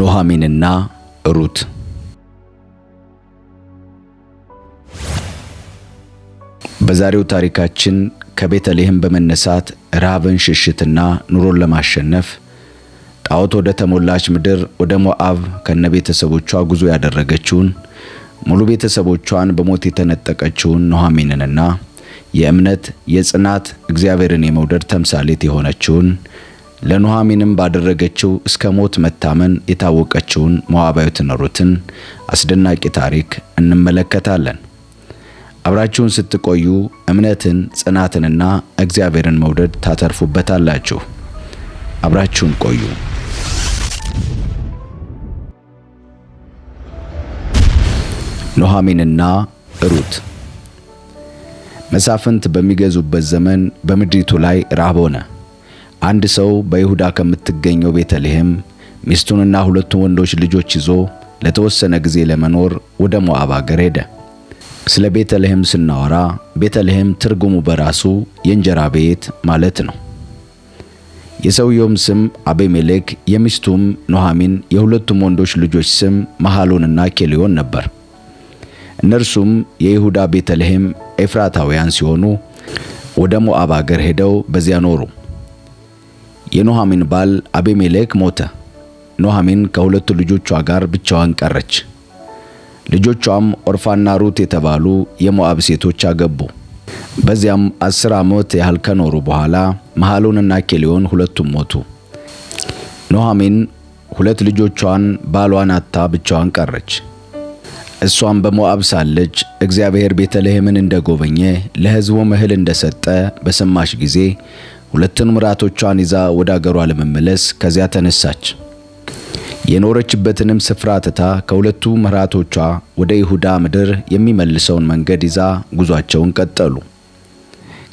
ኑኃሚንና ሩት በዛሬው ታሪካችን ከቤተልሔም በመነሳት ረሃብን ሽሽትና ኑሮን ለማሸነፍ ጣዖት ወደ ተሞላች ምድር ወደ ሞዓብ ከነ ቤተሰቦቿ ጉዞ ያደረገችውን ሙሉ ቤተሰቦቿን በሞት የተነጠቀችውን ኑኃሚንንና የእምነት የጽናት እግዚአብሔርን የመውደድ ተምሳሌት የሆነችውን ለኑኃሚንም ባደረገችው እስከ ሞት መታመን የታወቀችውን ሞዓባዊትን ሩትን አስደናቂ ታሪክ እንመለከታለን። አብራችሁን ስትቆዩ እምነትን፣ ጽናትንና እግዚአብሔርን መውደድ ታተርፉበታላችሁ። አብራችሁን ቆዩ። ኖሃሚንና ሩት መሳፍንት በሚገዙበት ዘመን በምድሪቱ ላይ ራብ ሆነ። አንድ ሰው በይሁዳ ከምትገኘው ቤተልሔም ሚስቱንና ሁለቱ ወንዶች ልጆች ይዞ ለተወሰነ ጊዜ ለመኖር ወደ ሞዓብ አገር ሄደ። ስለ ቤተልሔም ስናወራ ቤተልሔም ትርጉሙ በራሱ የእንጀራ ቤት ማለት ነው። የሰውየውም ስም አቤሜሌክ የሚስቱም ኖሃሚን የሁለቱም ወንዶች ልጆች ስም መሐሎንና ኬሊዮን ነበር። እነርሱም የይሁዳ ቤተልሔም ኤፍራታውያን ሲሆኑ ወደ ሞዓብ አገር ሄደው በዚያ ኖሩ። የኖሃሚን ባል አቤሜሌክ ሞተ። ኖሃሚን ከሁለቱ ልጆቿ ጋር ብቻዋን ቀረች። ልጆቿም ኦርፋና ሩት የተባሉ የሞዓብ ሴቶች አገቡ። በዚያም አስር ዓመት ያህል ከኖሩ በኋላ መሐሎንና ኬሊዮን ሁለቱም ሞቱ። ኖሃሚን ሁለት ልጆቿን ባሏን አታ ብቻዋን ቀረች። እሷም በሞዓብ ሳለች እግዚአብሔር ቤተልሔምን እንደጎበኘ ለሕዝቡም እህል እንደሰጠ በሰማች ጊዜ ሁለቱን ምራቶቿን ይዛ ወደ አገሯ ለመመለስ ከዚያ ተነሳች። የኖረችበትንም ስፍራ ትታ ከሁለቱ ምራቶቿ ወደ ይሁዳ ምድር የሚመልሰውን መንገድ ይዛ ጉዟቸውን ቀጠሉ።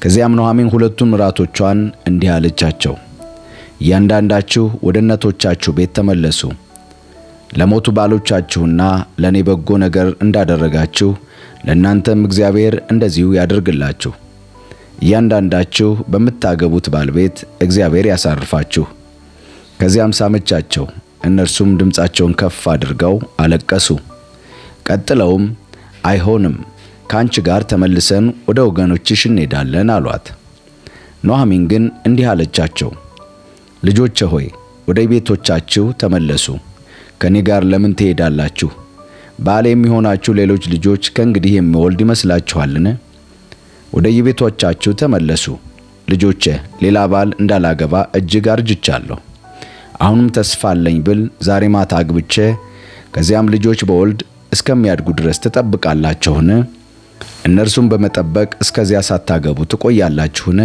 ከዚያም ኑኃሚን ሁለቱን ምራቶቿን እንዲህ አለቻቸው፣ እያንዳንዳችሁ ወደ እናቶቻችሁ ቤት ተመለሱ። ለሞቱ ባሎቻችሁና ለእኔ በጎ ነገር እንዳደረጋችሁ ለእናንተም እግዚአብሔር እንደዚሁ ያደርግላችሁ። እያንዳንዳችሁ በምታገቡት ባልቤት እግዚአብሔር ያሳርፋችሁ። ከዚያም ሳመቻቸው፣ እነርሱም ድምፃቸውን ከፍ አድርገው አለቀሱ። ቀጥለውም አይሆንም፣ ከአንቺ ጋር ተመልሰን ወደ ወገኖችሽ እንሄዳለን አሏት። ኖሐሚን ግን እንዲህ አለቻቸው፣ ልጆቼ ሆይ ወደ ቤቶቻችሁ ተመለሱ። ከእኔ ጋር ለምን ትሄዳላችሁ? ባል የሚሆናችሁ ሌሎች ልጆች ከእንግዲህ የሚወልድ ይመስላችኋልን? ወደ የቤቶቻችሁ ተመለሱ። ልጆቼ ሌላ ባል እንዳላገባ እጅግ አርጅቻለሁ። አሁንም ተስፋ አለኝ ብል ዛሬ ማታ አግብቼ ከዚያም ልጆች በወልድ እስከሚያድጉ ድረስ ትጠብቃላችሁን? እነርሱን በመጠበቅ እስከዚያ ሳታገቡ ትቆያላችሁን?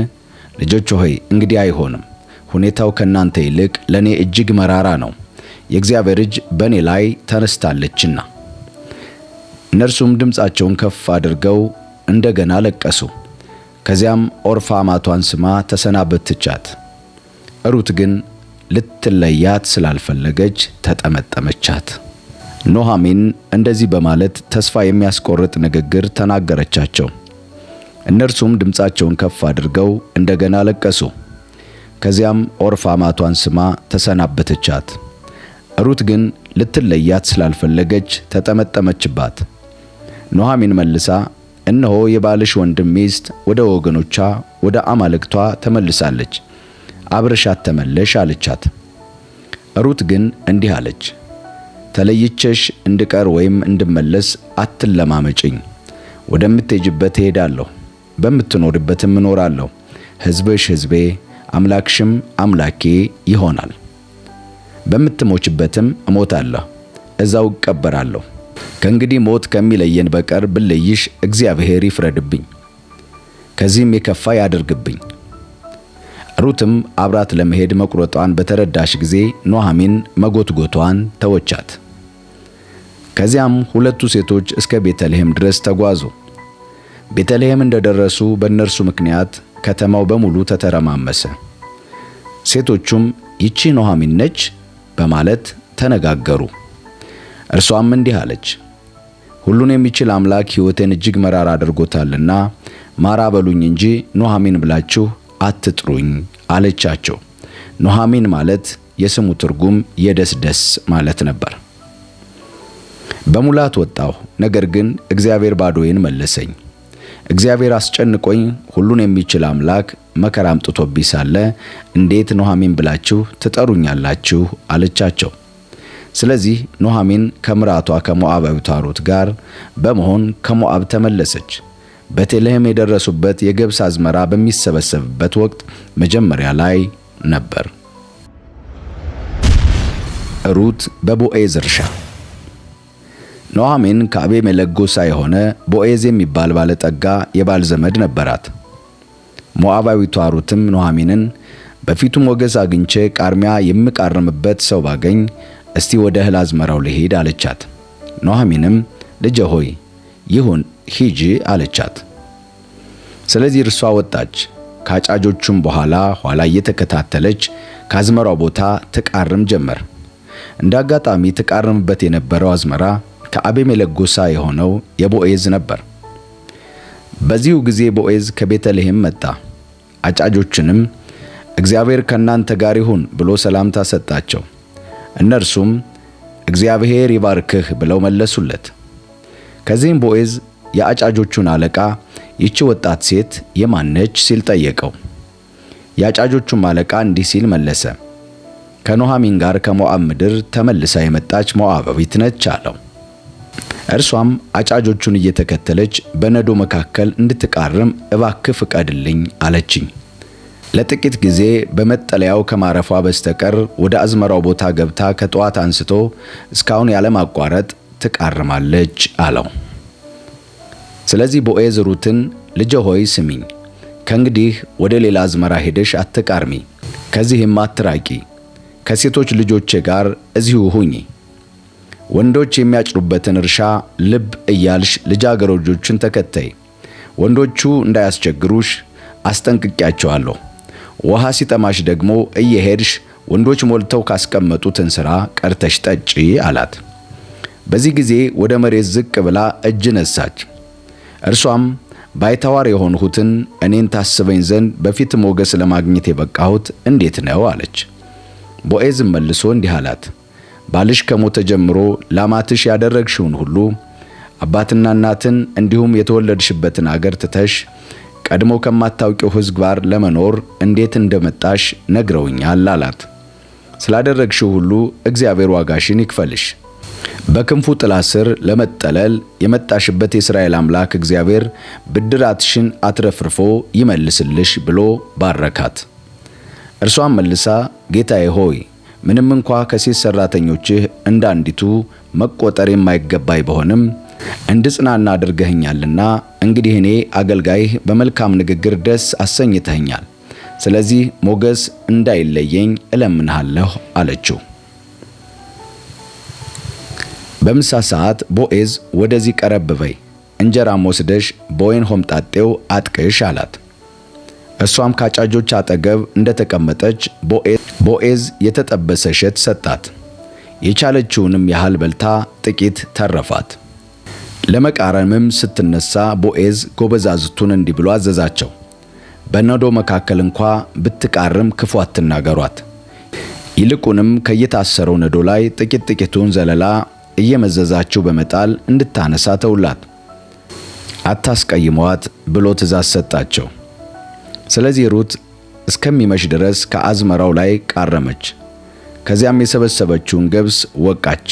ልጆች ሆይ እንግዲህ አይሆንም። ሁኔታው ከእናንተ ይልቅ ለእኔ እጅግ መራራ ነው፣ የእግዚአብሔር እጅ በእኔ ላይ ተነስታለችና። እነርሱም ድምፃቸውን ከፍ አድርገው እንደገና ለቀሱ። ከዚያም ኦርፋ አማቷን ስማ ተሰናበተቻት። ሩት ግን ልትለያት ስላልፈለገች ተጠመጠመቻት። ኖሃሚን እንደዚህ በማለት ተስፋ የሚያስቆርጥ ንግግር ተናገረቻቸው። እነርሱም ድምፃቸውን ከፍ አድርገው እንደገና ለቀሱ። ከዚያም ኦርፋ ማቷን ስማ ተሰናበተቻት። ሩት ግን ልትለያት ስላልፈለገች ተጠመጠመችባት። ኖሃሚን መልሳ እነሆ የባልሽ ወንድም ሚስት ወደ ወገኖቿ ወደ አማልክቷ ተመልሳለች፣ አብረሻት ተመለሽ አለቻት። ሩት ግን እንዲህ አለች፣ ተለይቼሽ እንድቀር ወይም እንድመለስ አትለማመጭኝ። ወደምትሄጅበት እሄዳለሁ፣ በምትኖርበትም እኖራለሁ። ሕዝብሽ ሕዝቤ፣ አምላክሽም አምላኬ ይሆናል። በምትሞችበትም እሞታለሁ፣ እዛው እቀበራለሁ። ከእንግዲህ ሞት ከሚለየን በቀር ብለይሽ እግዚአብሔር ይፍረድብኝ፣ ከዚህም የከፋ ያደርግብኝ። ሩትም አብራት ለመሄድ መቁረጧን በተረዳሽ ጊዜ ኖሃሚን መጎትጎቷን ተወቻት። ከዚያም ሁለቱ ሴቶች እስከ ቤተልሔም ድረስ ተጓዙ። ቤተልሔም እንደደረሱ በእነርሱ ምክንያት ከተማው በሙሉ ተተረማመሰ። ሴቶቹም ይቺ ኖሃሚን ነች በማለት ተነጋገሩ። እርሷም እንዲህ አለች፣ ሁሉን የሚችል አምላክ ሕይወቴን እጅግ መራር አድርጎታልና ማራ በሉኝ እንጂ ኑኃሚን ብላችሁ አትጥሩኝ አለቻቸው። ኑኃሚን ማለት የስሙ ትርጉም የደስደስ ማለት ነበር። በሙላት ወጣሁ፣ ነገር ግን እግዚአብሔር ባዶዬን መለሰኝ። እግዚአብሔር አስጨንቆኝ ሁሉን የሚችል አምላክ መከራ አምጥቶብኝ ሳለ እንዴት ኑኃሚን ብላችሁ ትጠሩኛላችሁ? አለቻቸው። ስለዚህ ኑኃሚን ከምራቷ ከሞዓባዊቷ ሩት ጋር በመሆን ከሞዓብ ተመለሰች። ቤተልሔም የደረሱበት የገብስ አዝመራ በሚሰበሰብበት ወቅት መጀመሪያ ላይ ነበር። ሩት በቦኤዝ እርሻ ኑኃሚን ከአቤሜሌክ ጎሳ የሆነ ቦኤዝ የሚባል ባለጠጋ የባል ዘመድ ነበራት። ሞዓባዊቷ ሩትም ኑኃሚንን በፊቱ ሞገስ አግኝቼ ቃርሚያ የምቃርምበት ሰው ባገኝ እስቲ ወደ እህል አዝመራው ልሄድ አለቻት። ኖሃሚንም ልጄ ሆይ ይሁን ሂጂ አለቻት። ስለዚህ እርሷ ወጣች። ከአጫጆቹም በኋላ ኋላ እየተከታተለች ከአዝመራው ቦታ ትቃርም ጀመር። እንደ አጋጣሚ ትቃርምበት የነበረው አዝመራ ከአቤሜሌክ ጎሳ የሆነው የቦኤዝ ነበር። በዚሁ ጊዜ ቦኤዝ ከቤተልሔም መጣ። አጫጆችንም እግዚአብሔር ከእናንተ ጋር ይሁን ብሎ ሰላምታ ሰጣቸው። እነርሱም እግዚአብሔር ይባርክህ ብለው መለሱለት። ከዚህም ቦዔዝ የአጫጆቹን አለቃ ይቺ ወጣት ሴት የማነች ሲል ጠየቀው። የአጫጆቹም አለቃ እንዲህ ሲል መለሰ፣ ከኖሃሚን ጋር ከሞዓብ ምድር ተመልሳ የመጣች ሞዓባዊት ነች አለው። እርሷም አጫጆቹን እየተከተለች በነዶ መካከል እንድትቃርም እባክህ ፍቀድልኝ አለችኝ። ለጥቂት ጊዜ በመጠለያው ከማረፏ በስተቀር ወደ አዝመራው ቦታ ገብታ ከጠዋት አንስቶ እስካሁን ያለማቋረጥ ትቃርማለች አለው። ስለዚህ ቦኤዝ ሩትን ልጄ ሆይ ስሚኝ፣ ከእንግዲህ ወደ ሌላ አዝመራ ሄደሽ አትቃርሚ፣ ከዚህም አትራቂ፣ ከሴቶች ልጆቼ ጋር እዚሁ ሁኚ። ወንዶች የሚያጭሩበትን እርሻ ልብ እያልሽ ልጃገረዶችን ተከተይ፣ ወንዶቹ እንዳያስቸግሩሽ አስጠንቅቄያቸዋለሁ። ውሃ ሲጠማሽ ደግሞ እየሄድሽ ወንዶች ሞልተው ካስቀመጡት እንስራ ቀርተሽ ጠጪ አላት። በዚህ ጊዜ ወደ መሬት ዝቅ ብላ እጅ ነሳች። እርሷም ባይተዋር የሆንሁትን እኔን ታስበኝ ዘንድ በፊት ሞገስ ለማግኘት የበቃሁት እንዴት ነው አለች። ቦኤዝም መልሶ እንዲህ አላት፣ ባልሽ ከሞተ ጀምሮ ላማትሽ ያደረግሽውን ሁሉ አባትና እናትን እንዲሁም የተወለድሽበትን አገር ትተሽ ቀድሞ ከማታውቂው ሕዝብ ጋር ለመኖር እንዴት እንደመጣሽ ነግረውኛል አላት። ስላደረግሽው ሁሉ እግዚአብሔር ዋጋሽን ይክፈልሽ። በክንፉ ጥላ ስር ለመጠለል የመጣሽበት የእስራኤል አምላክ እግዚአብሔር ብድራትሽን አትረፍርፎ ይመልስልሽ ብሎ ባረካት። እርሷን መልሳ ጌታዬ ሆይ ምንም እንኳ ከሴት ሰራተኞችህ እንዳንዲቱ አንዲቱ መቆጠር የማይገባኝ በሆንም እንድጽናና አድርገኸኛልና እንግዲህ እኔ አገልጋይህ በመልካም ንግግር ደስ አሰኝተኸኛል። ስለዚህ ሞገስ እንዳይለየኝ እለምንሃለሁ አለችው። በምሳ ሰዓት ቦኤዝ ወደዚህ ቀረብ በይ፣ እንጀራም ወስደሽ በወይን ሆምጣጤው አጥቅሽ አላት። እሷም ካጫጆች አጠገብ እንደተቀመጠች ቦኤዝ የተጠበሰ እሸት ሰጣት። የቻለችውንም ያህል በልታ ጥቂት ተረፋት። ለመቃረምም ስትነሳ ቦኤዝ ጎበዛዝቱን እንዲህ ብሎ አዘዛቸው፣ በነዶ መካከል እንኳ ብትቃርም ክፉ አትናገሯት። ይልቁንም ከየታሰረው ነዶ ላይ ጥቂት ጥቂቱን ዘለላ እየመዘዛችሁ በመጣል እንድታነሳ ተውላት፣ አታስቀይሟት ብሎ ትእዛዝ ሰጣቸው። ስለዚህ ሩት እስከሚመሽ ድረስ ከአዝመራው ላይ ቃረመች። ከዚያም የሰበሰበችውን ገብስ ወቃች።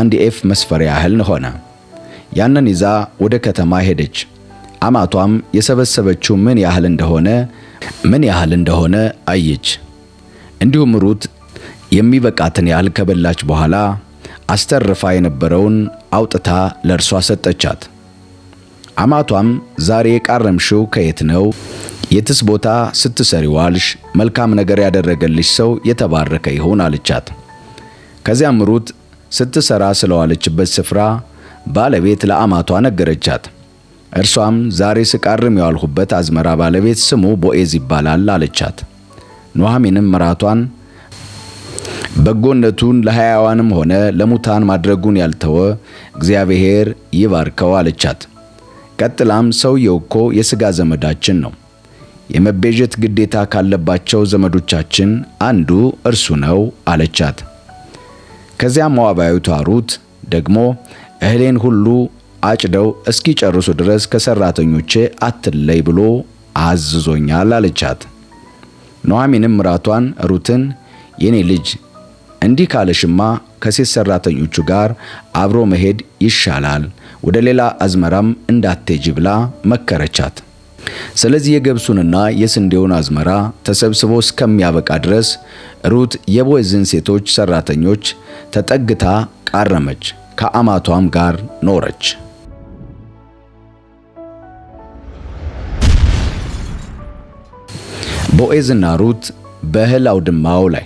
አንድ ኤፍ መስፈሪያ ያህል ሆነ። ያንን ይዛ ወደ ከተማ ሄደች። አማቷም የሰበሰበችው ምን ያህል እንደሆነ ምን ያህል እንደሆነ አየች። እንዲሁም ሩት የሚበቃትን ያህል ከበላች በኋላ አስተርፋ የነበረውን አውጥታ ለእርሷ ሰጠቻት። አማቷም ዛሬ የቃረምሽው ከየት ነው? የትስ ቦታ ስትሰሪ ዋልሽ? መልካም ነገር ያደረገልሽ ሰው የተባረከ ይሁን አለቻት። ከዚያም ሩት ስትሰራ ስለዋለችበት ስፍራ ባለቤት ለአማቷ ነገረቻት። እርሷም ዛሬ ስቃርም የዋልሁበት አዝመራ ባለቤት ስሙ ቦኤዝ ይባላል አለቻት። ኑኃሚንም ምራቷን በጎነቱን ለሕያዋንም ሆነ ለሙታን ማድረጉን ያልተወ እግዚአብሔር ይባርከው አለቻት። ቀጥላም ሰውየው እኮ የሥጋ ዘመዳችን ነው፣ የመቤዠት ግዴታ ካለባቸው ዘመዶቻችን አንዱ እርሱ ነው አለቻት። ከዚያም ሞዓባዊቷ ሩት ደግሞ እህሌን ሁሉ አጭደው እስኪጨርሱ ድረስ ከሰራተኞቼ አትለይ ብሎ አዝዞኛል አለቻት። ኑኃሚንም ምራቷን ሩትን የኔ ልጅ እንዲህ ካለሽማ ከሴት ሰራተኞቹ ጋር አብሮ መሄድ ይሻላል፣ ወደ ሌላ አዝመራም እንዳትሄጂ ብላ መከረቻት። ስለዚህ የገብሱንና የስንዴውን አዝመራ ተሰብስቦ እስከሚያበቃ ድረስ ሩት የቦይዝን ሴቶች ሰራተኞች ተጠግታ ቃረመች። ከአማቷም ጋር ኖረች። ቦኤዝና ሩት በእህል አውድማው ላይ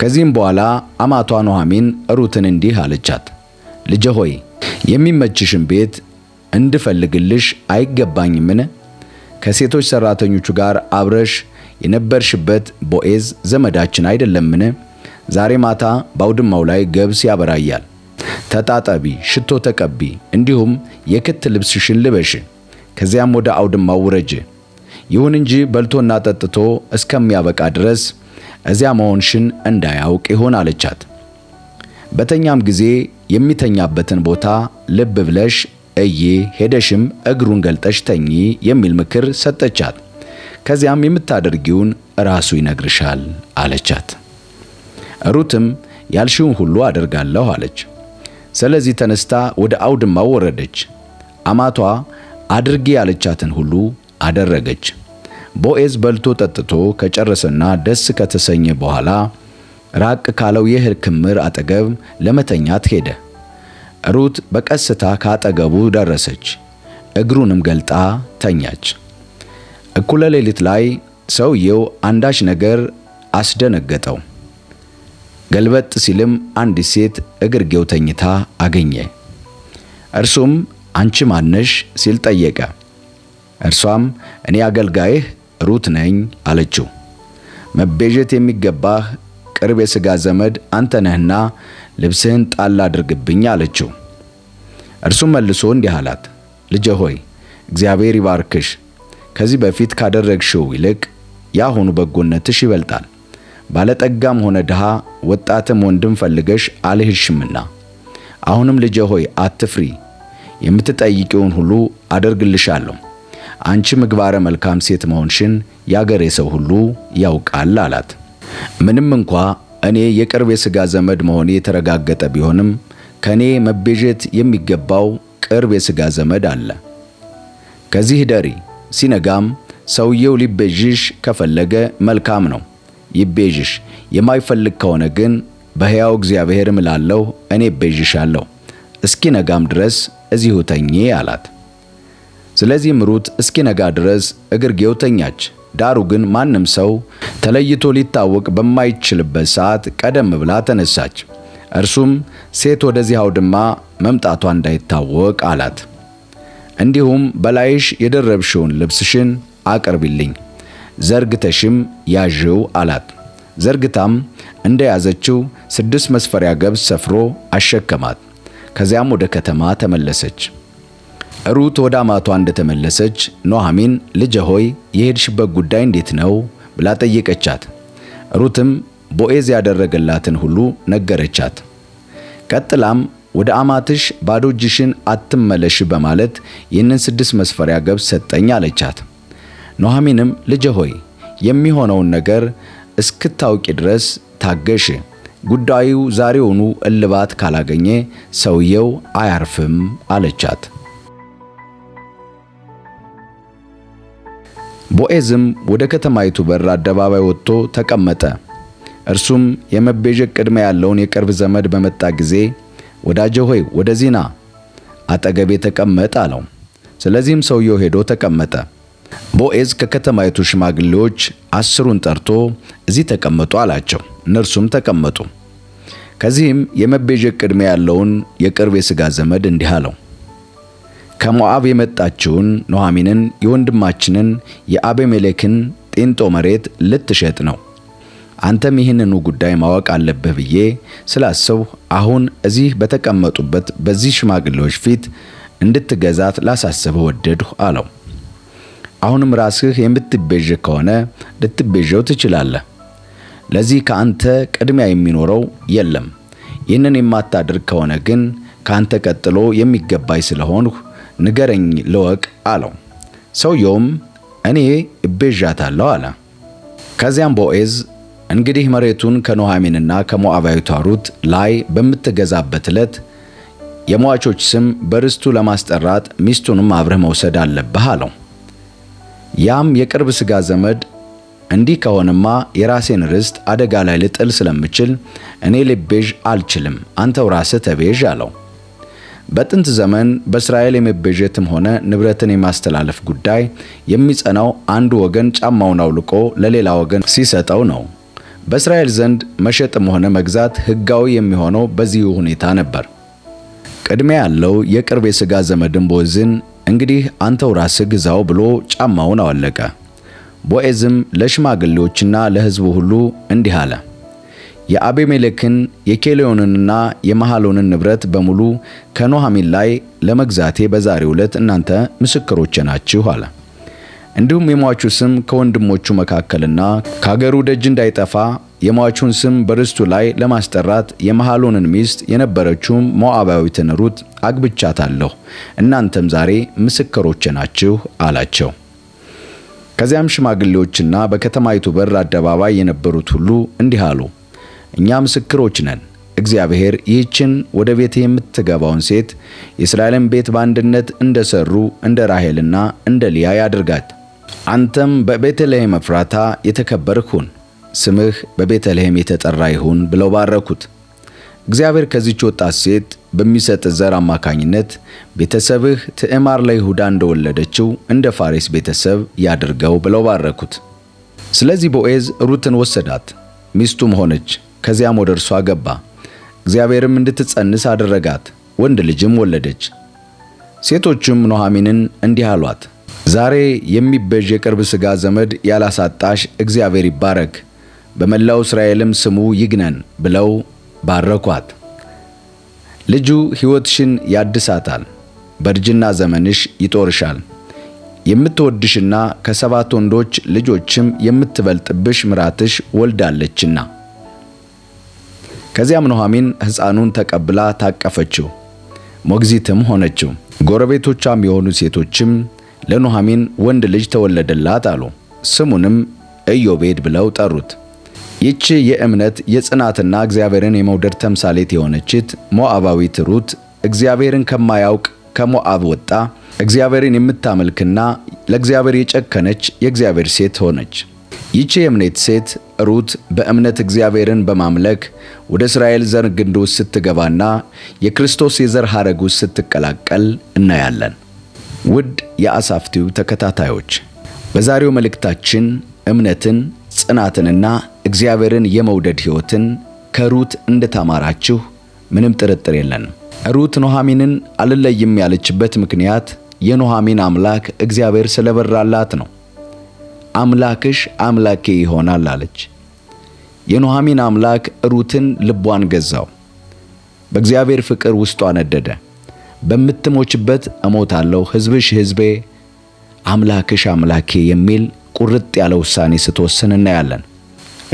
ከዚህም በኋላ አማቷ ኑኃሚን ሩትን እንዲህ አለቻት፣ ልጄ ሆይ የሚመችሽን ቤት እንድፈልግልሽ አይገባኝምን? ከሴቶች ሠራተኞቹ ጋር አብረሽ የነበርሽበት ቦኤዝ ዘመዳችን አይደለምን? ዛሬ ማታ በአውድማው ላይ ገብስ ያበራያል። ተጣጠቢ፣ ሽቶ ተቀቢ፣ እንዲሁም የክት ልብስሽን ልበሽ። ከዚያም ወደ አውድማው ውረጅ። ይሁን እንጂ በልቶና ጠጥቶ እስከሚያበቃ ድረስ እዚያ መሆንሽን እንዳያውቅ ይሆን አለቻት። በተኛም ጊዜ የሚተኛበትን ቦታ ልብ ብለሽ እይ፣ ሄደሽም እግሩን ገልጠሽ ተኚ የሚል ምክር ሰጠቻት። ከዚያም የምታደርጊውን ራሱ ይነግርሻል አለቻት። ሩትም ያልሽውን ሁሉ አደርጋለሁ አለች። ስለዚህ ተነስታ ወደ አውድማው ወረደች። አማቷ አድርጊ ያለቻትን ሁሉ አደረገች። ቦኤዝ በልቶ ጠጥቶ ከጨረሰና ደስ ከተሰኘ በኋላ ራቅ ካለው የእህል ክምር አጠገብ ለመተኛት ሄደ። ሩት በቀስታ ካጠገቡ ደረሰች፣ እግሩንም ገልጣ ተኛች። እኩለ ሌሊት ላይ ሰውየው አንዳች ነገር አስደነገጠው። ገልበጥ ሲልም አንዲት ሴት እግርጌው ተኝታ አገኘ። እርሱም አንቺ ማነሽ ሲል ጠየቀ። እርሷም እኔ አገልጋይህ ሩት ነኝ አለችው። መቤዠት የሚገባህ ቅርብ የሥጋ ዘመድ አንተ ነህና ልብስህን ጣል አድርግብኝ አለችው። እርሱም መልሶ እንዲህ አላት፣ ልጄ ሆይ እግዚአብሔር ይባርክሽ፣ ከዚህ በፊት ካደረግሽው ይልቅ የአሁኑ በጎነትሽ ይበልጣል ባለጠጋም ሆነ ድሃ ወጣትም ወንድም ፈልገሽ አልሄድሽምና አሁንም ልጄ ሆይ አትፍሪ፣ የምትጠይቂውን ሁሉ አደርግልሻለሁ። አንቺ ምግባረ መልካም ሴት መሆንሽን ያገሬ ሰው ሁሉ ያውቃል አላት። ምንም እንኳ እኔ የቅርብ የሥጋ ዘመድ መሆኔ የተረጋገጠ ቢሆንም ከኔ መቤዠት የሚገባው ቅርብ የሥጋ ዘመድ አለ። ከዚህ ደሪ። ሲነጋም ሰውየው ሊቤዥሽ ከፈለገ መልካም ነው። ይቤዥሽ። የማይፈልግ ከሆነ ግን በሕያው እግዚአብሔር እምላለሁ እኔ እቤዥሻለሁ፣ እስኪ ነጋም ድረስ እዚሁ ተኚ አላት። ስለዚህም ሩት እስኪ ነጋ ድረስ እግርጌው ተኛች። ዳሩ ግን ማንም ሰው ተለይቶ ሊታወቅ በማይችልበት ሰዓት ቀደም ብላ ተነሳች። እርሱም ሴት ወደዚህ አውድማ መምጣቷ እንዳይታወቅ አላት። እንዲሁም በላይሽ የደረብሽውን ልብስሽን አቅርቢልኝ ዘርግተሽም ያዥው አላት። ዘርግታም እንደያዘችው ስድስት መስፈሪያ ገብስ ሰፍሮ አሸከማት። ከዚያም ወደ ከተማ ተመለሰች። ሩት ወደ አማቷ እንደተመለሰች ኖሐሚን ልጄ ሆይ የሄድሽበት ጉዳይ እንዴት ነው ብላ ጠየቀቻት። ሩትም ቦኤዝ ያደረገላትን ሁሉ ነገረቻት። ቀጥላም ወደ አማትሽ ባዶ እጅሽን አትመለሽ በማለት ይህንን ስድስት መስፈሪያ ገብስ ሰጠኝ አለቻት። ኖሐሚንም ልጄ ሆይ የሚሆነውን ነገር እስክታውቂ ድረስ ታገሽ፣ ጉዳዩ ዛሬውኑ እልባት ካላገኘ ሰውየው አያርፍም አለቻት። ቦኤዝም ወደ ከተማይቱ በር አደባባይ ወጥቶ ተቀመጠ። እርሱም የመቤዠት ቅድመ ያለውን የቅርብ ዘመድ በመጣ ጊዜ ወዳጄ ሆይ ወደዚህ ና፣ አጠገቤ ተቀመጥ አለው። ስለዚህም ሰውየው ሄዶ ተቀመጠ። ቦኤዝ ከከተማይቱ ሽማግሌዎች አስሩን ጠርቶ እዚህ ተቀመጡ አላቸው። እነርሱም ተቀመጡ። ከዚህም የመቤዠት ቅድሚያ ያለውን የቅርብ የሥጋ ዘመድ እንዲህ አለው፣ ከሞዓብ የመጣችውን ኑኃሚንን የወንድማችንን የአቤሜሌክን ጤንጦ መሬት ልትሸጥ ነው። አንተም ይህንኑ ጉዳይ ማወቅ አለብህ ብዬ ስላሰው አሁን እዚህ በተቀመጡበት በዚህ ሽማግሌዎች ፊት እንድትገዛት ላሳስብህ ወደድሁ አለው። አሁንም ራስህ የምትቤዥ ከሆነ ልትቤዠው ትችላለህ። ለዚህ ከአንተ ቅድሚያ የሚኖረው የለም። ይህንን የማታደርግ ከሆነ ግን ከአንተ ቀጥሎ የሚገባኝ ስለሆንሁ ንገረኝ ልወቅ አለው። ሰውየውም እኔ እቤዣታለሁ አለ። ከዚያም ቦኤዝ እንግዲህ መሬቱን ከኑኃሚንና ከሞዓባዊቷ ሩት ላይ በምትገዛበት ዕለት የሟቾች ስም በርስቱ ለማስጠራት ሚስቱንም አብረህ መውሰድ አለብህ አለው። ያም የቅርብ ስጋ ዘመድ እንዲህ ከሆነማ የራሴን ርስት አደጋ ላይ ልጥል ስለምችል እኔ ልቤዥ አልችልም፣ አንተው ራስህ ተቤዥ አለው። በጥንት ዘመን በእስራኤል የመቤዠትም ሆነ ንብረትን የማስተላለፍ ጉዳይ የሚጸናው አንዱ ወገን ጫማውን አውልቆ ለሌላ ወገን ሲሰጠው ነው። በእስራኤል ዘንድ መሸጥም ሆነ መግዛት ሕጋዊ የሚሆነው በዚሁ ሁኔታ ነበር። ቅድሚያ ያለው የቅርብ የሥጋ ዘመድን ቦዝን እንግዲህ አንተው ራስህ ግዛው ብሎ ጫማውን አወለቀ። ቦኤዝም ለሽማግሌዎችና ለሕዝቡ ሁሉ እንዲህ አለ የአቤሜሌክን የኬሌዮንንና የመሐሎንን ንብረት በሙሉ ከኖሐሚን ላይ ለመግዛቴ በዛሬው ዕለት እናንተ ምስክሮቼ ናችሁ አለ። እንዲሁም የሟቹ ስም ከወንድሞቹ መካከልና ከአገሩ ደጅ እንዳይጠፋ የሟቹን ስም በርስቱ ላይ ለማስጠራት የመሐሎንን ሚስት የነበረችውም ሞዓባዊትን ሩት አግብቻታለሁ፣ እናንተም ዛሬ ምስክሮቼ ናችሁ አላቸው። ከዚያም ሽማግሌዎችና በከተማይቱ በር አደባባይ የነበሩት ሁሉ እንዲህ አሉ፣ እኛ ምስክሮች ነን። እግዚአብሔር ይህችን ወደ ቤት የምትገባውን ሴት የእስራኤልን ቤት በአንድነት እንደሰሩ እንደ ራሔልና እንደ ሊያ ያድርጋት። አንተም በቤተልሔም ኤፍራታ የተከበርህ ሁን ስምህ በቤተልሔም የተጠራ ይሁን ብለው ባረኩት። እግዚአብሔር ከዚች ወጣት ሴት በሚሰጥ ዘር አማካኝነት ቤተሰብህ ትዕማር ለይሁዳ እንደወለደችው እንደ ፋሬስ ቤተሰብ ያድርገው ብለው ባረኩት። ስለዚህ ቦኤዝ ሩትን ወሰዳት፣ ሚስቱም ሆነች። ከዚያም ወደ እርሷ ገባ። እግዚአብሔርም እንድትጸንስ አደረጋት፣ ወንድ ልጅም ወለደች። ሴቶቹም ኖሃሚንን እንዲህ አሏት፣ ዛሬ የሚበዥ የቅርብ ሥጋ ዘመድ ያላሳጣሽ እግዚአብሔር ይባረክ። በመላው እስራኤልም ስሙ ይግነን ብለው ባረኳት። ልጁ ሕይወትሽን ያድሳታል፣ በእርጅና ዘመንሽ ይጦርሻል። የምትወድሽና ከሰባት ወንዶች ልጆችም የምትበልጥብሽ ምራትሽ ወልዳለችና። ከዚያም ኑኃሚን ሕፃኑን ተቀብላ ታቀፈችው፣ ሞግዚትም ሆነችው። ጎረቤቶቿም የሆኑ ሴቶችም ለኑኃሚን ወንድ ልጅ ተወለደላት አሉ። ስሙንም ኢዮቤድ ብለው ጠሩት። ይቺ የእምነት የጽናትና እግዚአብሔርን የመውደድ ተምሳሌት የሆነችት ሞዓባዊት ሩት እግዚአብሔርን ከማያውቅ ከሞዓብ ወጣ እግዚአብሔርን የምታመልክና ለእግዚአብሔር የጨከነች የእግዚአብሔር ሴት ሆነች። ይቺ የእምነት ሴት ሩት በእምነት እግዚአብሔርን በማምለክ ወደ እስራኤል ዘር ግንድ ውስጥ ስትገባና የክርስቶስ የዘር ሐረግ ውስጥ ስትቀላቀል እናያለን። ውድ የአሳፍቲው ተከታታዮች በዛሬው መልእክታችን እምነትን ጽናትንና እግዚአብሔርን የመውደድ ሕይወትን ከሩት እንደተማራችሁ ምንም ጥርጥር የለንም። ሩት ኖሃሚንን አልለይም ያለችበት ምክንያት የኖሃሚን አምላክ እግዚአብሔር ስለበራላት ነው። አምላክሽ አምላኬ ይሆናል አለች። የኖሃሚን አምላክ ሩትን ልቧን ገዛው። በእግዚአብሔር ፍቅር ውስጧ ነደደ። በምትሞችበት እሞታለሁ፣ ሕዝብሽ ሕዝቤ፣ አምላክሽ አምላኬ የሚል ቁርጥ ያለ ውሳኔ ስትወስን እናያለን።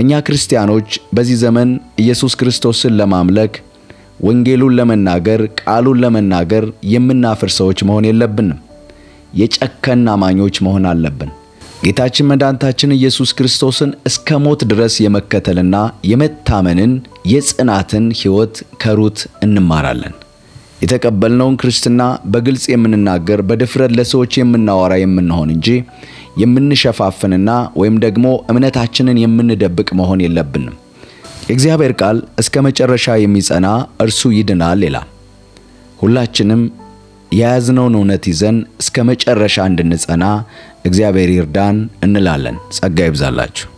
እኛ ክርስቲያኖች በዚህ ዘመን ኢየሱስ ክርስቶስን ለማምለክ ወንጌሉን ለመናገር ቃሉን ለመናገር የምናፍር ሰዎች መሆን የለብንም። የጨከን አማኞች መሆን አለብን። ጌታችን መድኃኒታችን ኢየሱስ ክርስቶስን እስከ ሞት ድረስ የመከተልና የመታመንን የጽናትን ሕይወት ከሩት እንማራለን። የተቀበልነውን ክርስትና በግልጽ የምንናገር በድፍረት ለሰዎች የምናወራ የምንሆን እንጂ የምንሸፋፍንና ወይም ደግሞ እምነታችንን የምንደብቅ መሆን የለብንም። የእግዚአብሔር ቃል እስከ መጨረሻ የሚጸና እርሱ ይድናል ይላል። ሁላችንም የያዝነውን እውነት ይዘን እስከ መጨረሻ እንድንጸና እግዚአብሔር ይርዳን እንላለን። ጸጋ ይብዛላችሁ።